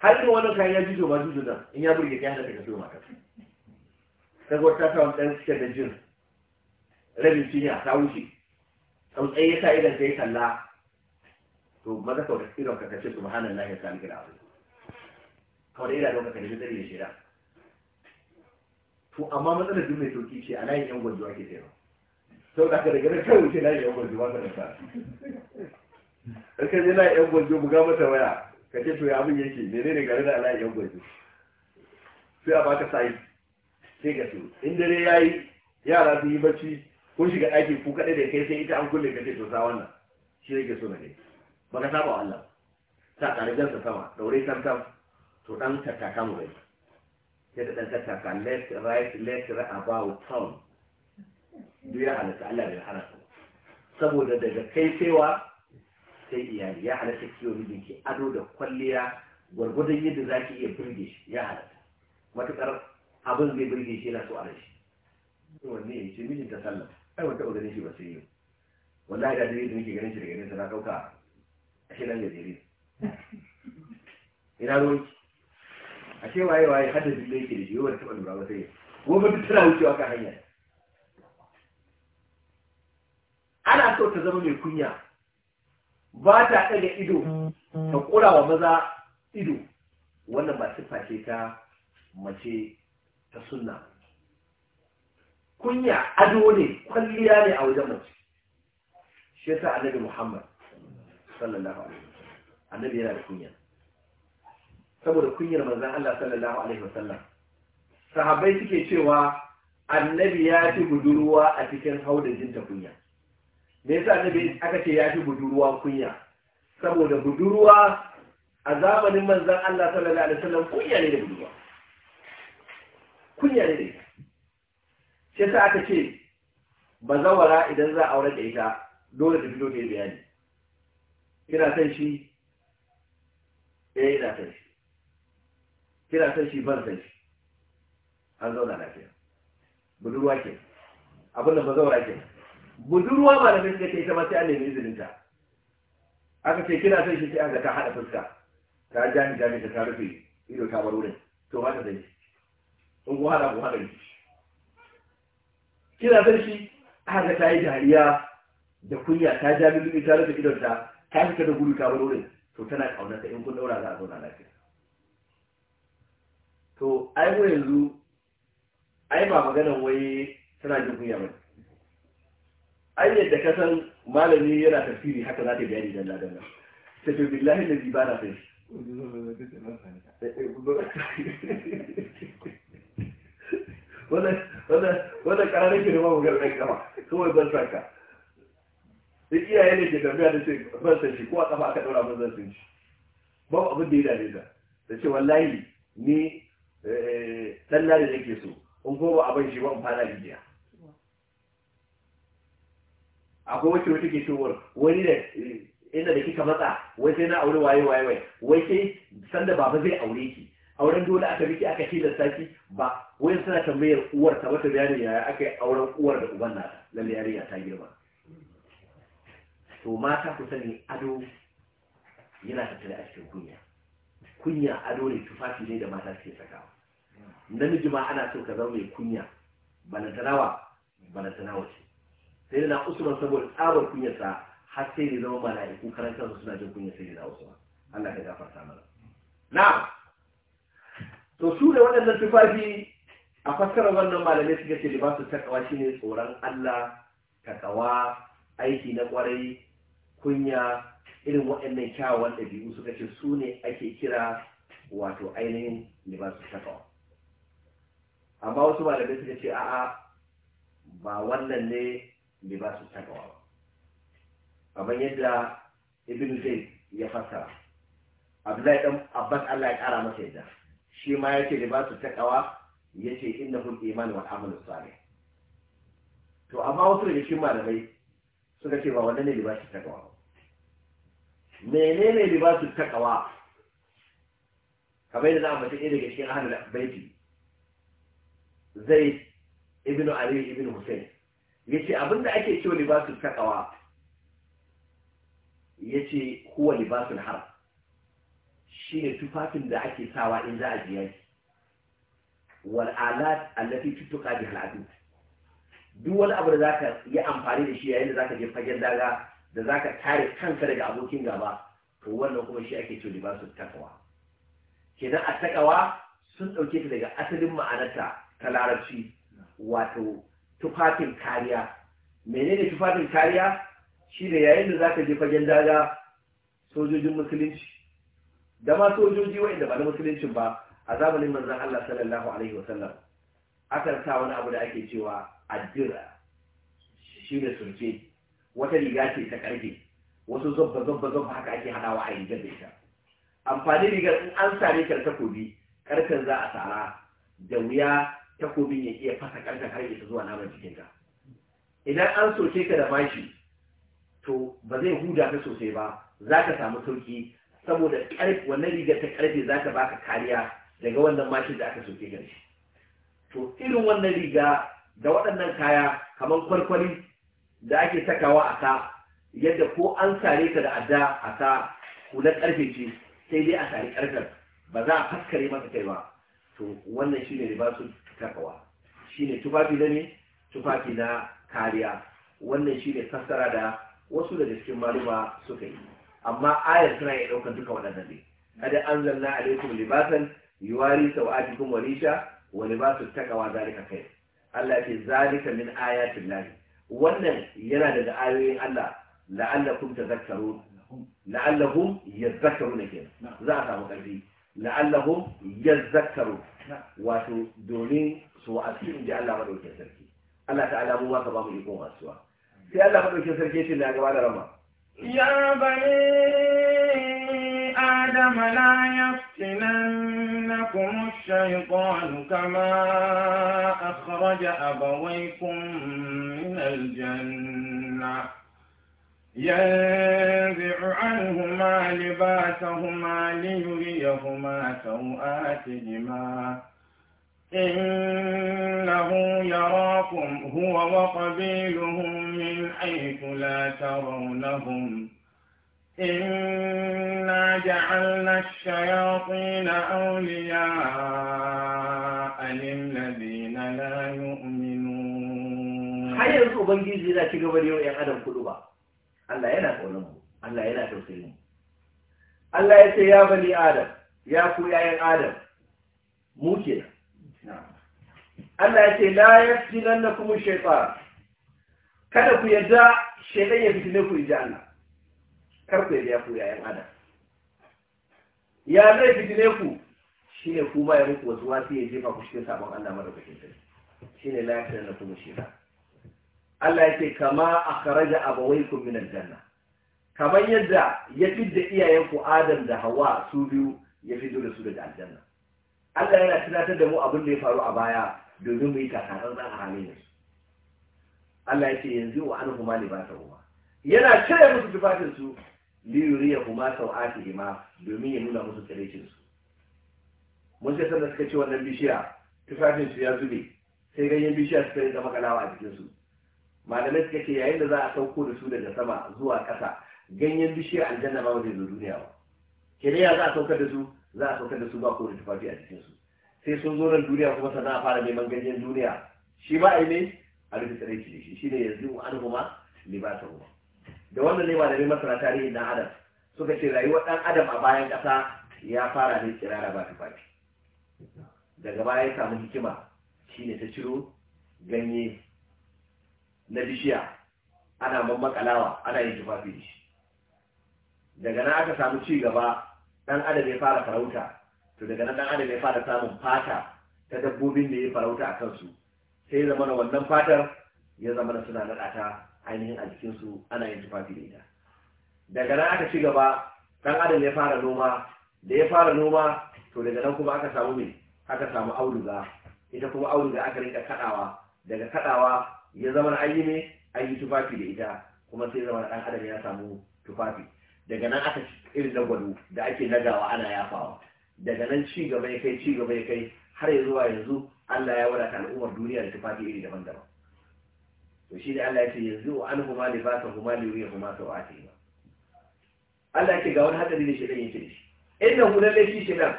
har yi wannan kayan ya jujo ba jujo da in ya burge kayan da ka so maka kaga wata ta ɗan cikin da jin rabin cinya ta wuce tsautsayi ya sa idan yi talla, to maza kawai irin ka su subhanallahi lahiyar sami gina abu kawai da idan ka kace tsari da shida to amma matsalar duk mai sauki ce a layin yan gwajuwa ake tsayawa sau da ka daga nan kawai ce layin yan gwajuwa ba ka da sa Ɗan kan yana layin yan gwanjo buga masa waya ka ce to ya abin yake ne gare da ala'i yan gwaji sai a baka sai sai ga su in dare yayi yara su yi bacci kun shiga aiki ku kaɗai da kai sai ita an kulle ka ce to sa wannan shi ne ke so na kai baka saba wa Allah ta tare sa sama daure san san to dan tattaka mu rai sai da dan tattaka left right left right about town duk ya halatta Allah ya haramta. saboda daga kai kaiwa sai iyali ya halatta kiwon kiwo ke ado da kwalliya gwargwadon yadda za ki iya birge shi ya halatta matuƙar abin zai birge shi yana so a rashi wanne ya ce mijin ta sallah ai wata ganin shi ba sai yi wanda da dare da nake ganin shi daga nesa na ɗauka a shi nan gajere ina ruwan a ce waye waye hada jirgin yake da shi yawan taɓa lura ba sai yi ko ba tana wucewa kan hanya ana so ta zama mai kunya ba ta ɗaga ido ta ƙura wa maza ido wannan ba siffa ce ta mace ta sunna kunya ado ne kwalliya ne a wajen mace shi yasa annabi muhammad sallallahu alaihi wasallam annabi yana da kunya saboda kunyar manzon Allah sallallahu alaihi wasallam sahabbai suke cewa annabi ya ci budurwa a cikin haudajin ta kunya me yasa annabi aka ce ya fi budurwa kunya saboda budurwa a zamanin manzon Allah sallallahu alaihi wasallam kunya ne da budurwa kunya ne sai shi yasa aka ce bazawara idan za a aure da ita dole ta fito ta bayani kina san shi eh ina san shi kina san shi ban san shi an zauna lafiya budurwa ke abin da bazawara ke budurwa ba da gaske ta ita ma sai an nemi izinin ta aka ce kina son shi sai ga ta hada fuska ta jami jami ta rufe ido ta bar wurin to ba ta da shi in ku hada ku hada shi kina son shi aka ta yi dariya da kunya ta jami ido ta rufe idon ta ta fita da gudu ta bar wurin to tana kaunarta in kun daura za a zauna lafiya to ai mu yanzu ai ba maganar wai tana jin kunya bane an yadda ka san malami yana tafsiri haka za ta bayani dan dalla sai to billahi lazi ba na sai wannan ke kirma mu garɗin kama kawai ban san ka duk iyaye ne ke tafiya da ce ban san shi ko a kafa aka ɗora ban zan san shi babu abin da ya dace, ta da ce wallahi ni eh, ɗan da nake so in ko ba a ban shi ba in fara rijiya akwai wacce wacce ke showar wani da inda da kika matsa wai sai na aure waye waye waye wai sai sanda baba zai aure ki auren dole aka miki aka tilasta ki ba wai suna tambayar uwar ta wata bayani yaya aka yi auren uwar da uban nata lalle yarinya ta girma to mata ku sani ado yana tattare a cikin kunya kunya ado ne tufafi ne da mata suke sakawa namiji ma ana so ka zama mai kunya balantanawa balantanawa ce sai na usman saboda tsabar kunyarsa har sai da zama mala'iku karanta su suna jin kunyar sai da usman Allah ya gafarta mana na to su da waɗannan tufafi a fassara wannan malamai suka ce su takawa shine tsoron Allah takawa aiki na kwarai kunya irin waɗannan kyawawan ɗabi'u suka ce su ne ake kira wato ainihin su takawa amma wasu malamai suka ce a'a ba wannan ne su tagawa kamar yadda ibn zai ya fassara abdullahi dan abbas Allah ya kara masa yadda shi ma tagawa ya ce yace innahul iman wal amalu salih to amma wasu daga cikin malamai suka ce ba wanda ne libasu takawa menene su tagawa kamar yadda za mu ɗaya daga cikin ahlul baiti zai ibn ali ibn Hussein. yace abinda ake cewa libasul taqwa yace huwa libasul shi shine tufafin da ake sawa in za a je yaki wal alat allati tutuqa biha al duk wani abu da zaka yi amfani da shi yayin da zaka je fagen daga da zaka tare kanka daga abokin gaba to wannan kuma shi ake cewa libasul taqwa kenan a taqwa sun dauke ta daga asalin ma'anarta ta larabci wato tufafin kariya menene tufafin kariya shi ne yayin da za ka je fagen daga sojojin musulunci da ma sojoji wa'inda ba na musuluncin ba a zamanin manzan Allah sallallahu alaihi wasallam akan sa wani abu da ake cewa addira shi ne surke wata riga ce ta karfe wasu zobba zobba zobba haka ake hadawa a yin ta amfani rigar in an sare ta kobi karfen za a tsara da wuya takobin ya iya fasa ƙarfin har ya zuwa naman cikinka idan an soke ka da bashi to ba zai huda ka sosai ba za ka samu sauki saboda wannan rigar ta ƙarfe za ka baka kariya daga wannan mashin da aka soke ka shi to irin wannan riga da waɗannan kaya kamar kwarkwari da ake sakawa a ka yadda ko an sare ka da adda a ka hular ƙarfe ce sai dai a sare ƙarfen ba za a faskare masa kai ba to wannan shi shine ribasun Takawa shine tufafi da ne tufafi na kariya wannan shine fassara da wasu daga cikin maluma suka yi amma ayar tana iya ɗaukar duka waɗannan ne kada anzalna alaikum libasan yuwari sawatikum wa risha wa libasu takawa zalika kai? Allah ce zalika min ayatin lahi wannan yana daga ayoyin Allah la'allakum tadhakkarun la'allahum yadhakkaruna kenan za a samu ƙarfi لعلهم يذكروا وتدوني سوء السن دي الله قد يتسرك الله تعالى مما تضم يقوم السوء في الله قد يتسرك يتلع قبال رمى يا بني آدم لا يفتننكم الشيطان كما أخرج أبويكم من الجنة ينزع عنهما لباسهما ليريهما سوآتهما إنه يراكم هو وقبيله من حيث لا ترونهم إنا جعلنا الشياطين أولياء للذين لا يؤمنون هل يرسل بنجيزي لا تقبل يوم أدم كله Allah yana ƙaunar mu Allah yana tausayin mu Allah ya ce ya bani Adam ya ku yayan Adam mu ke Allah ya ce la na ash-shaytan kada ku yadda shaidan ya fitine ku ji Allah kar ku yadda ku yayan adam ya zai fitine ku shine ku ma ya muku wasu wasu ya jefa ku cikin sabon Allah madaukakin sarki shine la yakana na kuma shaitan Allah yake kama akaraja abawaykum min aljanna kamar yadda ya fidda ku Adam da Hawwa su biyu ya fito da su daga aljanna Allah yana tunatar da mu abin da ya faru a baya domin mu yi takarar zan halin su, Allah yake yanzu wa an huma libasa huma yana cire musu tufafin su li yuriya huma hima domin ya nuna musu tsirecin su mun sai sanda suka ce wannan bishiya tufafin su ya zube sai ganyen bishiya suka zama kalawa a jikin su malamai suka ce yayin da za a sauko da su daga sama zuwa ƙasa ganyen bishiyar aljanna ma wajen zo duniya ba kenan ya za a saukar da su za a saukar da su ba ko da tufafi a cikin su sai sun zo nan duniya kuma sana fara neman ganyen duniya shi ba ai ne a rufe tsare shi shi ne yanzu an ba ta huma da wannan ne malamai masana tarihin dan adam suka ce rayuwar dan adam a bayan ƙasa ya fara ne kirara ba tufafi daga baya ya samu hikima shine ta ciro ganye na bishiya ana mammakalawa ana yin tufafi da daga nan aka samu ci gaba dan adam ya fara farauta to daga nan dan adam ya fara samun fata ta dabbobin da ya farauta a kansu sai zama na wannan fatar ya zama na suna naɗata ta ainihin a jikinsu ana yin tufafi da ita daga nan aka ci gaba dan adam ya fara noma da ya fara noma to daga nan kuma aka samu me aka samu auduga ita kuma auduga aka rinka kaɗawa daga kaɗawa ya zama an yi ne an yi tufafi da ita kuma sai zama ɗan adam ya samu tufafi daga nan aka irin na gwado da ake nagawa ana yafawa daga nan ci gaba ya kai ci gaba ya kai har ya zuwa yanzu Allah ya wadata al'ummar duniya da tufafi iri daban-daban to shi ne Allah ya ce yanzu wa an huma libasa huma liwiya huma sawati Allah ya ce ga wani hadari da shedan yake da shi inna hu lalle shi shedan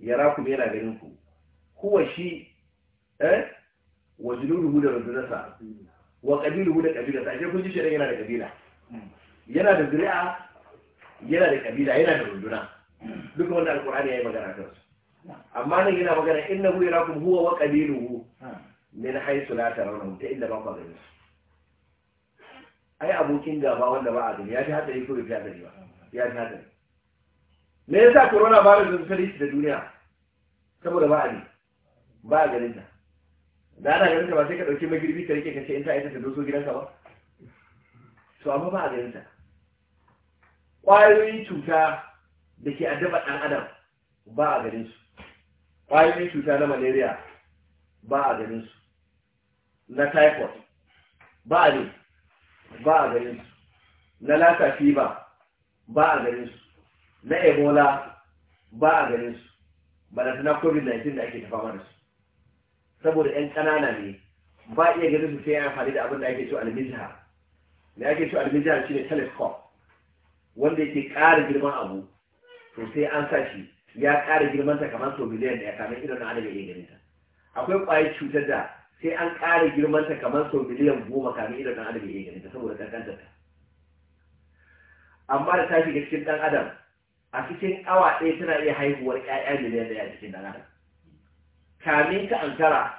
yara ku yana ganin ku huwa shi eh wa junuduhu da rundunarsa wa kabiluhu da kabilarsa ashe kun ji shi yana da kabila yana da zuri'a yana da kabila yana da runduna duka wanda alkur'ani ya yi magana kan su amma nan yana magana innahu yarakum huwa wa qabiluhu min haythu la tarawna ta inda ba ku gani ai abokin gaba wanda ba a gani ya ji hadari ko ya gani ba ya ji hadari me yasa corona virus ta da duniya saboda ba a ba a ganin ta da ana ganin ka ba sai ka ɗauki magirbi ka rike ka ce in ta aita ta doso gidanka ba to amma ba a ganin ta Ƙwayoyin cuta da ke addaba ɗan adam ba a ganin su Ƙwayoyin cuta na malaria ba a ganin su na typhoid ba a ne ba a ganin su na lassa fever ba a ganin su na ebola ba a ganin su ba na covid-19 da ake tafa mana su saboda yan ƙanana ne ba iya ganin su sai amfani da abin da ake so almijiha da ake so almijiha shi ne telescope wanda yake ƙara girman abu to sai an sa shi ya ƙara girman ta kamar sau miliyan ɗaya kamar irin na adam ya ganin ta akwai ƙwayar cutar da sai an ƙara girman ta kamar sau miliyan goma kamar irin na adaga iya ganin ta saboda ƙanƙantar ta amma da ta shiga cikin ɗan adam a cikin awa ɗaya tana iya haihuwar ƴaƴa miliyan ɗaya a cikin ɗan adam kamin ka ankara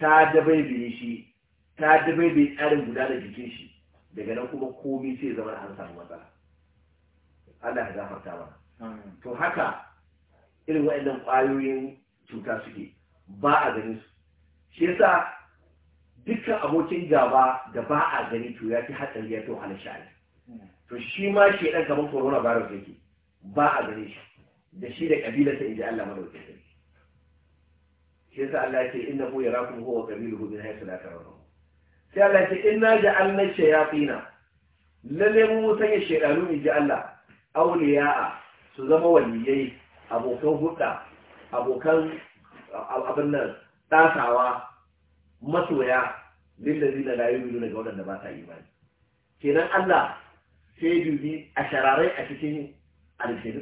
ta dabaibaye shi ta dabaibaye tsarin guda da jikin shi daga nan kuma komai sai zama an samu matsala Allah ya gafarta mana to haka irin waɗannan ƙwayoyin cuta suke ba a ganin su shi yasa dukkan abokin gaba da ba a gani to ya fi hatsari ya fi wahalar sha'ani to shi ma shi ɗan kamar corona virus yake ba a gani shi da shi da ƙabilarsa in ji Allah madaukakin shi yasa Allah yake ce innahu yarakum huwa qabiluhu min haythu la tarawun sai Allah yake inna ja'alna shayatina lalle mu ya shaydanu in ji Allah awliya'a su zama waliyai abokan hudda abokan abin nan tasawa masoya lillazina la yu'minuna ga wadanda ba sa imani kenan Allah sai dubi a a cikin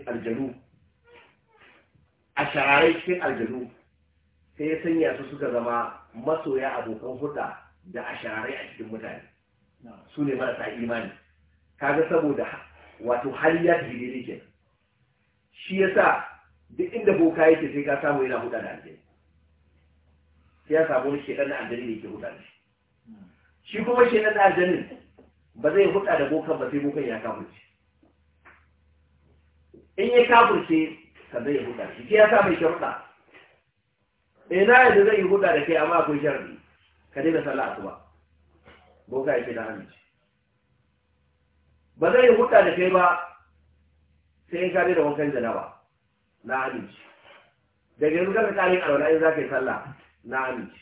aljanu a shararai cikin aljanu sai ya sanya su suka zama masoya abokan hulɗa da asharai a cikin mutane su ne marasa imani kaga saboda wato hali ya fi daidai ke shi sa duk inda boka yake sai ka samu yana hulɗa da aljani sai ya samu wani shekar na aljani ne ke hulɗa da shi shi kuma shekar na aljanin ba zai hulɗa da bokan ba sai bokan ya kafurce in ya kafurce sannan ya hulɗa shi sai ya sa mai sharuɗa ina yadda zai yi hudu da kai amma akwai sharri ka daina sallah asuba boka yake na aminci ba zai yi hudu da kai ba sai in ka da wankan nawa na aminci daga yanzu ka kare a wani za ka yi sallah na aminci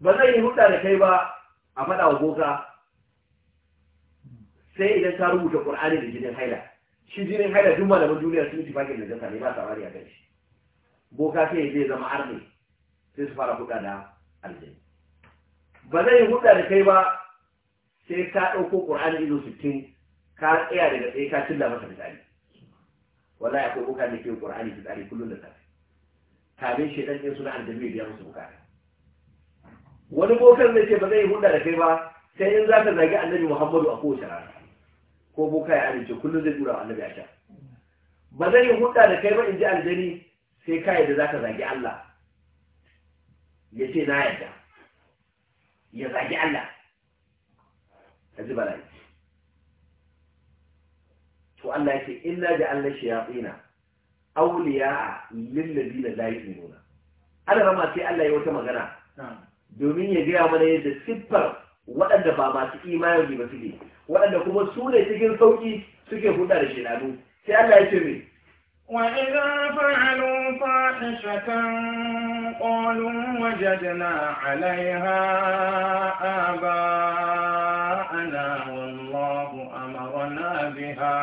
ba zai yi hudu da kai ba a faɗa wa boka sai idan ta rubuta ƙur'ani da jinin haila shi jinin haila duk malaman duniya sun ci fakin da jasa ne ba sa bari a kan shi boka sai zai zama arne sai su fara huda da aljani ba zai yi huda da kai ba sai ka ɗauko ƙur'ani ido sittin ka tsaya daga tsaye ka cilla masa fitsari ya akwai boka ne ke ƙur'ani tsari kullum da safe kamin shi ɗan ɗin suna aljami biyar musu buka wani bokan zai ce ba zai yi huda da kai ba sai in za ka zagi annabi muhammadu a kowace rana ko boka ya amince kullum zai tura annabi a sha ba zai yi huda da kai ba in ji aljani sai ka yadda za ka zagi Allah ya ce na yadda ya zagi Allah a ji bala'i to Allah ya ce ina da Allah shi ya tsina auliya a lillabi na layi nuna ana rama sai Allah ya wata magana domin ya gaya mana yadda siffar waɗanda ba masu imani ba su ne waɗanda kuma su ne cikin sauƙi suke hulɗa da shekaru sai Allah ya ce mai وإذا فعلوا فاحشة قالوا وجدنا عليها آباءنا والله أمرنا بها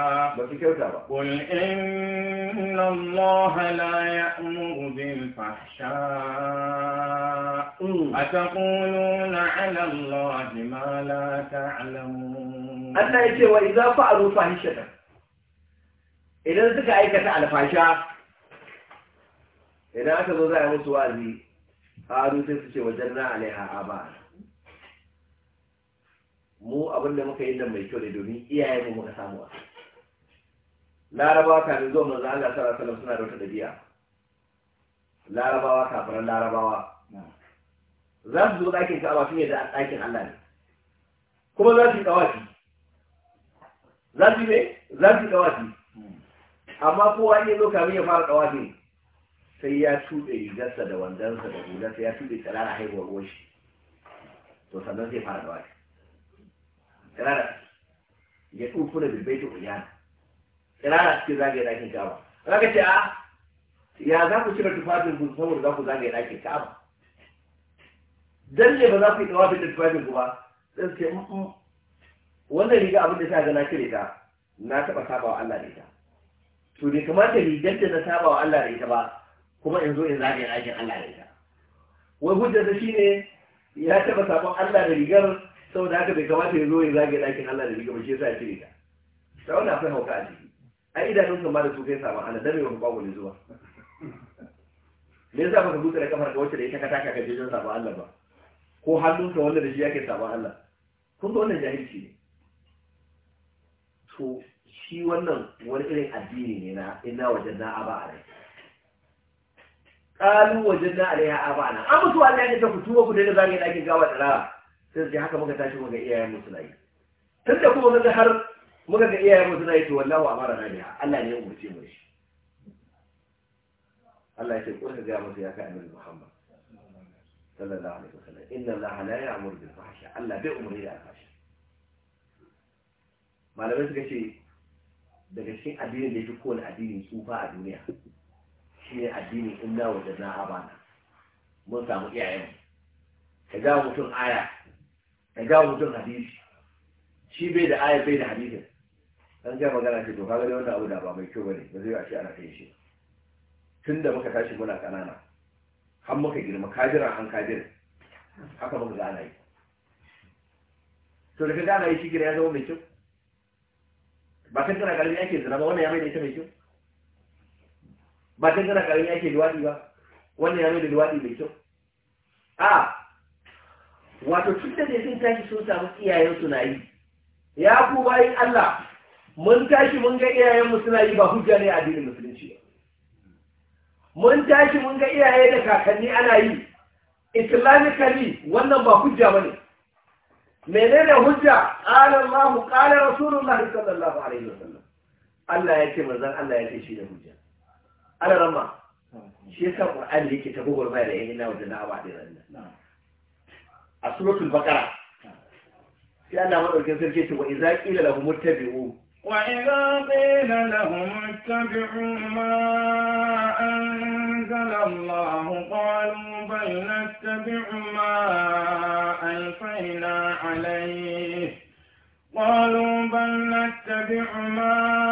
قل إن الله لا يأمر بالفحشاء أتقولون على الله ما لا تعلمون أنا يجي وإذا فعلوا فاحشة idan suka aikata alfasha idan aka zo za a musu wazi haru sai su ce wajen na alaiha a ba mu abinda muka yi nan mai kyau ne domin iyayen mu muka samu a larabawa kafin zuwa manzo Allah sallallahu alaihi suna da wata dabi'a larabawa kafiran larabawa za su zo ɗakin ka'aba sun yadda ɗakin Allah ne kuma za su yi ƙawafi za su yi za su yi amma kowa ya zo kamin ya fara dawafi sai ya tuɗe rigarsa da wandansa da sai ya tuɗe tsirara haihuwar ruwan shi to sannan sai fara dawafi tsirara ya tsufu da bibbai ta kuyana tsirara cikin zagaye ɗakin kama zaka ce a ya za ku cire tufafin ku saboda za ku zagaye ɗakin kama? dan ne ba za ku yi dawafin da tufafin ku ba sai ce wannan riga abin da sa ga na cire ta na taɓa sabawa Allah da ita to bai kamata rigar da na saba wa Allah da ita ba kuma in zo in yi aikin Allah da ita wai hujjar da shine ya taba sabon Allah da rigar saboda haka bai kamata ya zo ya zage ɗakin Allah da rigar ba shi yasa ya cire ta ta wannan akwai hauka a ciki a idanun kan da su kai sabon Allah dan me ba ku wani zuwa me yasa ka buta da kafar ka wacce da ita ka taka ka je don sabon Allah ba ko ka wanda da shi yake sabon Allah kun ga wannan jahilci ne to shi wannan wani irin addini ne na ina wajen na aba a rai ƙalu wajen na alaiha aba a nan an mutu Allah ya ta fito ku da zagaye ɗakin gawa da rawa sai su ce haka muka tashi muka iyayen mu suna yi tun da kuma kaga har muka ga iyayen mu suna yi to wallahu amara na biya Allah ne ya umurce mu shi Allah ya ce ko ka musu ya kai annabi Muhammad sallallahu alaihi wasallam inna Allah la ya'muru bil fahsha Allah bai umuri da fahsha malamai suka ce daga cikin addinin da ya fi kowane addinin tsufa a duniya shi ne addinin inna wa janna abana mun samu iyayen ka ga mutum aya ka ga mutum hadisi shi bai da aya bai da hadisin an ga magana ce to kaga da wannan abu da ba mai kyau bane ba zai a ce ana kai shi tun da muka tashi muna kanana har muka girma kajiran an kajirin haka muka ga ana yi to da ka ga ana yi shi gida ya zama mai kyau ba kan tana karami ake zina ba wannan ya mai da ita mai kyau ba kan tana karami ake luwaɗi ba wannan ya mai da luwaɗi mai kyau a wato tun da dai sun tashi sun samu iyayen suna yi ya ku bayan Allah mun tashi mun ga iyayenmu suna yi ba hujja ne a addinin musulunci mun tashi mun ga iyaye da kakanni ana yi islamically wannan ba hujja ba ne. menene hujja qala Allah qala Rasulullah sallallahu alaihi wasallam Allah yake manzon Allah yake shi da hujja ala rama shi yasa qur'an yake ta gogor bai da yayin nawa da da'awa da nan a suratul baqara sai Allah dauke sai ce wa idza qila lahum ittabi'u wa idza qila lahum ittabi'u ma أنزل الله قالوا بل نتبع ما ألفينا عليه قالوا بل نتبع ما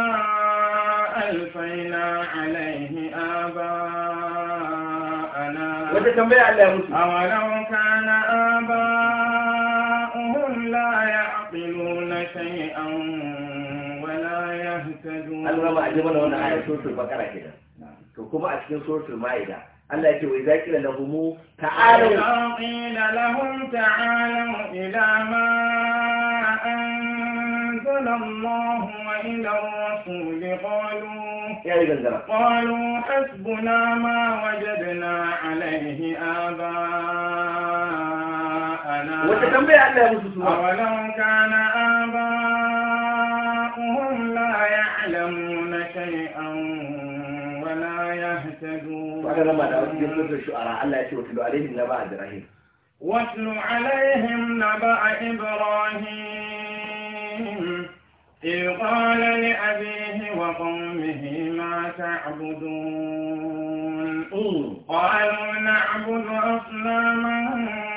ألفينا عليه آباءنا أولو كان آباؤهم لا يعقلون شيئا ولا يهتدون to kuma a cikin suratul ma'ida Allah yake wai zakira lahum ta'alu qila lahum ta'alu ila ma anzala Allah wa ila rasul qalu ya rigangara qalu hasbuna ma wajadna alayhi aba wata tambaya Allah ya musu suwa عليهم إبراهيم واتل عليهم نبأ إبراهيم إذ قال لأبيه وقومه ما تعبدون قالوا نعبد أصناما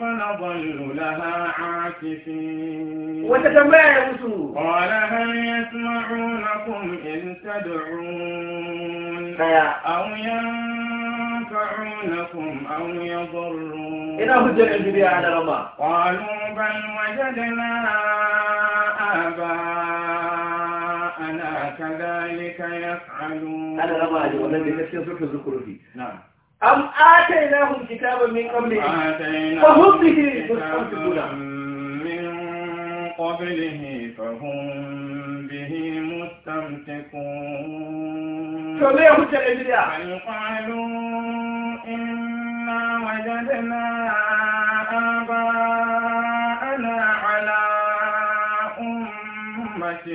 فنظل لها عاكفين وتتمايزوا قال هل يسمعونكم إن تدعون أو ينفعونكم أو يضرون إنه الجنة على رمى قالوا بل وجدنا آباءنا كذلك يفعلون أنا رمى ولا بنفسي زكر زكر فيه نعم أم آتيناهم كتابا من قبله فهم به مستمسكون من قبله فهم به مستمسكون بل قالوا إنا وجدنا آباءنا على أمة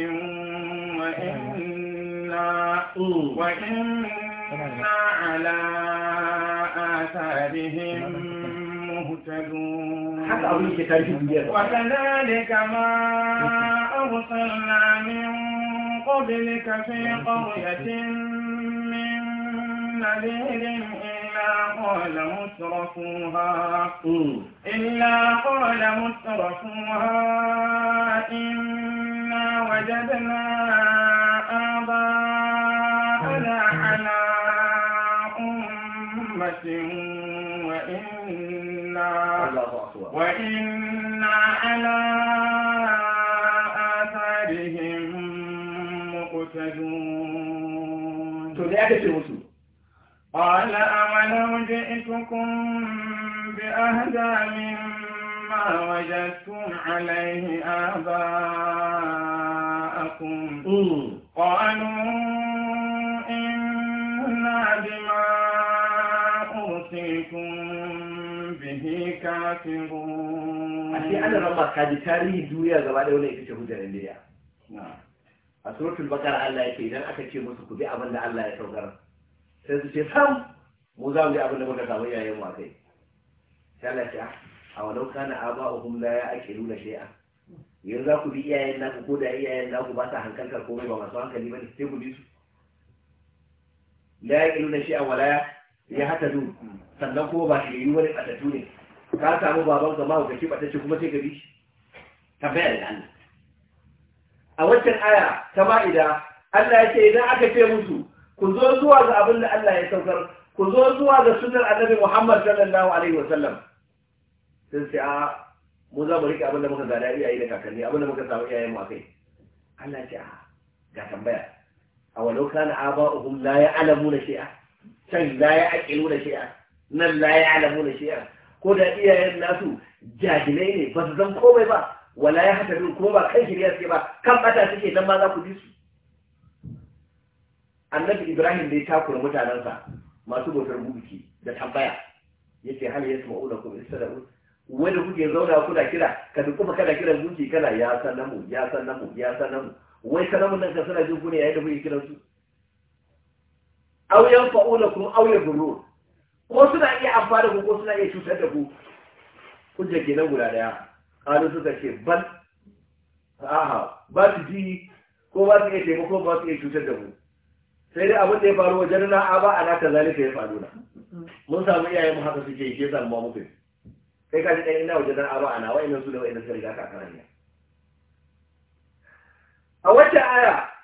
وإنا وإنا فإنا على آثارهم مهتدون وكذلك ما أرسلنا من قبلك في قرية من نذير إلا قال مترفوها إلا قال مترفوها إنا وجدنا وإنا وإنا على آثارهم مقتدون قال أولو جئتكم بأهدى مما وجدتم عليه آباءكم قالوا kafirun ashe ana rama kaji tarihi duniya gaba da wani ita ce hujjar indiya a surutun bakar Allah ya yake idan aka ce musu ku bi abin da Allah ya saukar sai su ce sam mu za mu bi abin da muka samu yayin wa kai sai Allah ya a ah, walau kana aba'uhum la ya'qiluna shay'a yanzu za ku bi iyayen naku ko da iyayen naku ba sa hankaltar komai ba masu hankali ba ne sai ku bi su la ya'qiluna shay'a walaya ya hata du sannan kuma ba shi yi wani ƙasatu ne ka samu baban ka ma ba ta ce kuma sai ka bi shi tambayar da Allah a waccan aya ta ma'ida Allah ya ce idan aka ce musu ku zo zuwa ga abin da Allah ya saukar ku zo zuwa ga sunan annabi Muhammad sallallahu alaihi wasallam sun ce a mu za mu rike abin da muka zada iyaye da kakanni abin da muka samu iyayen mu akai Allah ya ce a ga tambaya a walau kana aba'uhum la ya'lamuna shay'a can la ya'qiluna shay'a nan la ya'lamuna shay'a ko da iyayen nasu jahilai ne ba su zan komai ba wala ya hata min kuma ba kan shirya suke ba kan bata suke nan ma za ku bi su annabi ibrahim dai takura mutanensa masu bautar bubuki da tambaya yace hal yasma'una kum istada'u wanda kuke zauna kuna kira ka duk kuma kana kiran zuci kana ya namu, ya namu, ya namu. wai sallamun nan ka suna jin ku ne yayin da kuke kiransu su fa'ula kuma kum aw ko suna iya amfani da ku ko suna iya cutar da ku ke nan guda daya kalu suka ce ban aha ba su ji ko ba su iya taimako ba su iya cutar da ku. sai dai abin da ya faru wajen na a ba a ta zalika ya faru na mun samu iyaye mu haka suke ke zan ba muku kai ka ji ɗan ina wajen na a ba a na wa'annan su da wa'annan suka riga ka karanya a wacce aya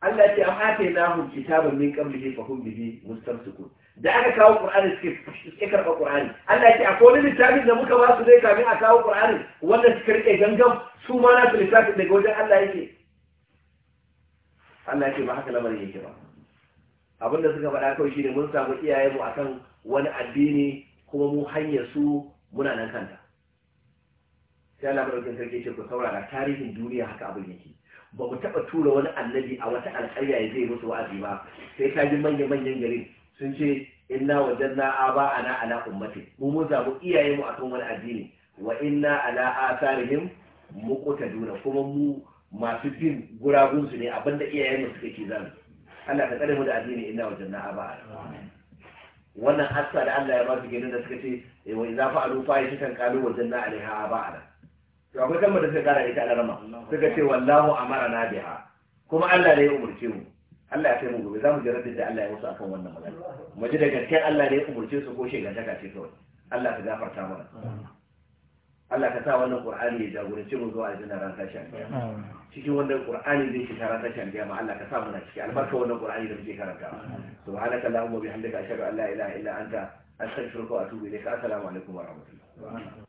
Allah ce amma ta yi namun kitabar min bihi fa hum bihi mustamsikun da aka kawo qur'ani suke suke karɓa qur'ani Allah ce akwai wani littafin da muka ba su dai kafin a kawo qur'ani wanda suke rike gangan su ma na su littafin daga wajen Allah yake Allah ce ba haka lamarin yake ba abinda da suka faɗa kawai shine mun samu iyaye mu akan wani addini kuma mu hanyar su muna nan kanta sai Allah madaukakin sarki ce ku saurara tarihin duniya haka abin yake ba mu taɓa tura wani annabi a wata alƙarya ya zai musu wa'azi ba sai ka ji manya-manyan garin sun ce inna wajanna aba ana ala ummati mu mun zabu iyaye mu akan wani addini wa inna ala asarihim muqtaduna kuma mu masu bin guragun su ne abinda iyaye mu suka ke zamu Allah ta tsare mu da addini inna wajanna aba wannan hassa da Allah ya ba su gidan da suka ce eh, wa idza fa'alu fa'ishatan qalu wajanna alaiha aba to akwai kalmar da suka kara ita alarma suka ce wallahu amara na biha kuma Allah ne ya umurce mu Allah ya kai mu gobe za mu jarabin da Allah ya musu akan wannan magana mu ji da gaskiyar Allah ne ya umurce su ko shegantaka ce kawai Allah ka gafarta mana Allah ka sa wannan Qur'ani ya jagorance mu zuwa aljanna ran tashi alƙiyama cikin wannan Qur'ani zai shiga ran tashi alƙiyama Allah ka sa mu na ciki albarka wannan Qur'ani da muke karantawa subhanaka allahumma bihamdika ashhadu an la ilaha illa anta astaghfiruka wa atubu ilayka assalamu alaikum wa rahmatullah